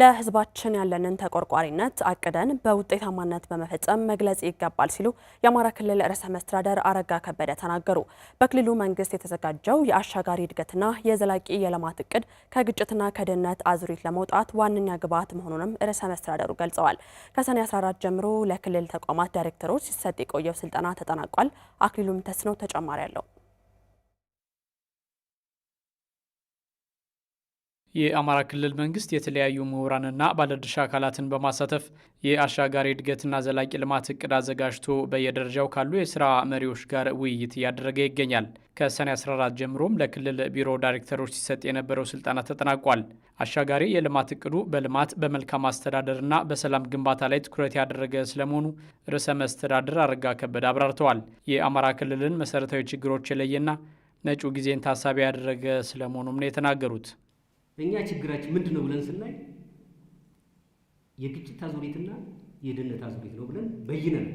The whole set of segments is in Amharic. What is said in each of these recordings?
ለህዝባችን ያለንን ተቆርቋሪነት አቅደን በውጤታማነት በመፈጸም መግለጽ ይገባል ሲሉ የአማራ ክልል ርዕሰ መስተዳደር አረጋ ከበደ ተናገሩ። በክልሉ መንግስት የተዘጋጀው የአሻጋሪ እድገትና የዘላቂ የልማት እቅድ ከግጭትና ከድህነት አዙሪት ለመውጣት ዋነኛ ግብዓት መሆኑንም ርዕሰ መስተዳደሩ ገልጸዋል። ከሰኔ 14 ጀምሮ ለክልል ተቋማት ዳይሬክተሮች ሲሰጥ የቆየው ስልጠና ተጠናቋል። አክሊሉም ተስኖ ተጨማሪ አለው። የአማራ ክልል መንግስት የተለያዩ ምሁራንና ባለድርሻ አካላትን በማሳተፍ የአሻጋሪ እድገትና ዘላቂ ልማት እቅድ አዘጋጅቶ በየደረጃው ካሉ የስራ መሪዎች ጋር ውይይት እያደረገ ይገኛል። ከሰኔ 14 ጀምሮም ለክልል ቢሮ ዳይሬክተሮች ሲሰጥ የነበረው ስልጠና ተጠናቋል። አሻጋሪ የልማት እቅዱ በልማት በመልካም አስተዳደርና በሰላም ግንባታ ላይ ትኩረት ያደረገ ስለመሆኑ ርዕሰ መስተዳድር አረጋ ከበደ አብራርተዋል። የአማራ ክልልን መሰረታዊ ችግሮች የለየና መጪው ጊዜን ታሳቢ ያደረገ ስለመሆኑም ነው የተናገሩት። እኛ ችግራችን ምንድን ነው ብለን ስናይ የግጭት አዙሪትና የድህነት አዙሪት ነው ብለን በይነን።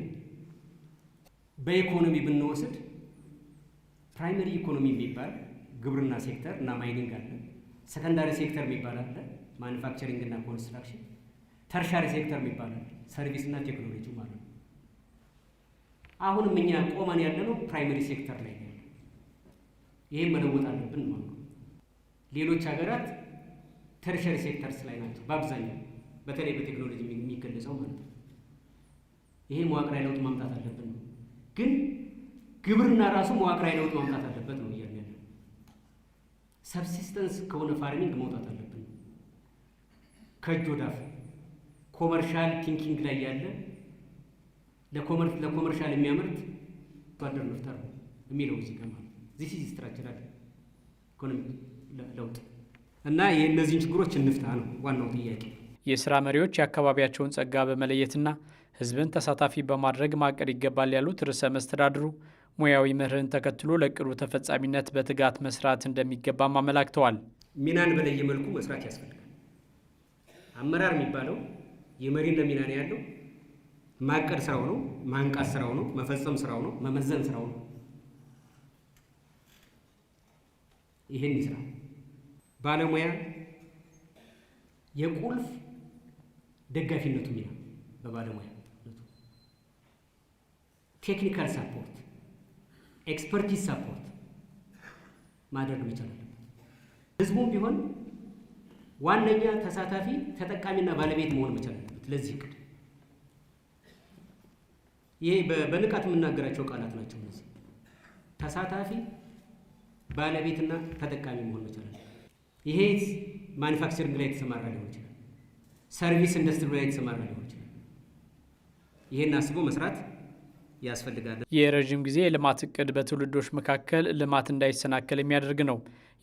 በኢኮኖሚ ብንወስድ ፕራይመሪ ኢኮኖሚ የሚባል ግብርና ሴክተር እና ማይኒንግ አለ። ሰከንዳሪ ሴክተር የሚባል አለ፣ ማኒፋክቸሪንግ እና ኮንስትራክሽን። ተርሻሪ ሴክተር የሚባል አለ፣ ሰርቪስ እና ቴክኖሎጂ ማለት ነው። አሁንም እኛ ቆመን ያለነው ፕራይመሪ ሴክተር ላይ ይህም መለወጥ አለብን ማለት ነው። ሌሎች ሀገራት ተርሸሪ ሴክተርስ ላይ ናቸው በአብዛኛው በተለይ በቴክኖሎጂ የሚገለጸው ማለት ነው። ይሄ መዋቅራዊ ለውጥ ማምጣት አለብን ነው። ግን ግብርና ራሱ መዋቅራዊ ለውጥ ማምጣት አለበት ነው እያለ ሰብሲስተንስ ከሆነ ፋርሚንግ መውጣት አለብን ከእጅ ወዳፍ ኮመርሻል ቲንኪንግ ላይ ያለ ለኮመርሻል የሚያመርት ባደር መፍጠር ነው የሚለው እዚህ ጋር ማለት ዚስ ስትራክቸራል ኢኮኖሚ ለውጥ እና የእነዚህን ችግሮች እንፍታ ነው ዋናው ጥያቄ። የስራ መሪዎች የአካባቢያቸውን ጸጋ በመለየትና ህዝብን ተሳታፊ በማድረግ ማቀድ ይገባል ያሉት ርዕሰ መስተዳድሩ ሙያዊ ምርህን ተከትሎ ለቅዱ ተፈጻሚነት በትጋት መስራት እንደሚገባም አመላክተዋል። ሚናን በለየ መልኩ መስራት ያስፈልጋል። አመራር የሚባለው የመሪነት ሚና ነው ያለው። ማቀድ ስራው ነው፣ ማንቃት ስራው ነው፣ መፈጸም ስራው ነው፣ መመዘን ስራው ነው። ይህን ይስራል። ባለሙያ የቁልፍ ደጋፊነቱ ሚና በባለሙያ ቴክኒካል ሳፖርት ኤክስፐርቲዝ ሳፖርት ማድረግ መቻል አለበት። ህዝቡም ቢሆን ዋነኛ ተሳታፊ ተጠቃሚና ባለቤት መሆን መቻል አለበት። ለዚህ እቅድ ይሄ በንቃት የምናገራቸው ቃላት ናቸው። እነዚህ ተሳታፊ ባለቤትና ተጠቃሚ መሆን መቻል አለበት። ይሄ ማኒፋክቸሪንግ ላይ የተሰማራ ሊሆን ይችላል። ሰርቪስ ኢንዱስትሪ ላይ የተሰማራ ሊሆን ይችላል። ይሄን አስቦ መስራት ያስፈልጋል። የረዥም ጊዜ የልማት እቅድ በትውልዶች መካከል ልማት እንዳይሰናከል የሚያደርግ ነው።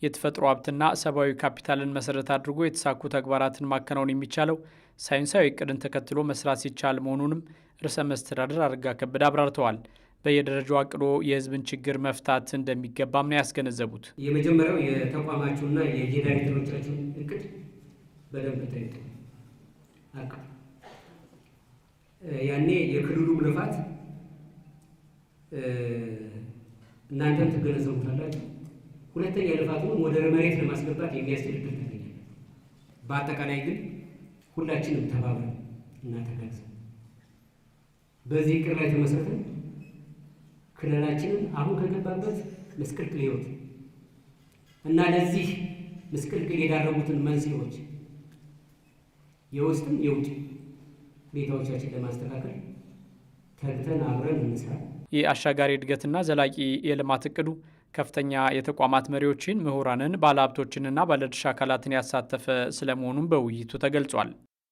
የተፈጥሮ ሀብትና ሰብአዊ ካፒታልን መሰረት አድርጎ የተሳኩ ተግባራትን ማከናወን የሚቻለው ሳይንሳዊ እቅድን ተከትሎ መስራት ሲቻል መሆኑንም ርዕሰ መስተዳድር አረጋ ከበደ አብራርተዋል። በየደረጃው አቅዶ የህዝብን ችግር መፍታት እንደሚገባም ነው ያስገነዘቡት። የመጀመሪያው የተቋማችሁና የዳይሬክተሮቻችሁ እቅድ በደንብ ተይቶ ያኔ የክልሉም ልፋት እናንተም ትገነዘቡታላችሁ። ሁለተኛ ልፋቱን ወደ መሬት ለማስገባት የሚያስችልበት ይገኛል። በአጠቃላይ ግን ሁላችንም ተባብረን እና በዚህ ቅር ላይ ተመሰረተን ክልላችንን አሁን ከገባበት ምስቅልቅል ሕይወት እና ለዚህ ምስቅልቅል የዳረጉትን መንስኤዎች የውስጥም የውጭ ሁኔታዎቻችን ለማስተካከል ተግተን አብረን እንስራ። የአሻጋሪ እድገትና ዘላቂ የልማት እቅዱ ከፍተኛ የተቋማት መሪዎችን፣ ምሁራንን፣ ባለሀብቶችንና ባለድርሻ አካላትን ያሳተፈ ስለመሆኑም በውይይቱ ተገልጿል።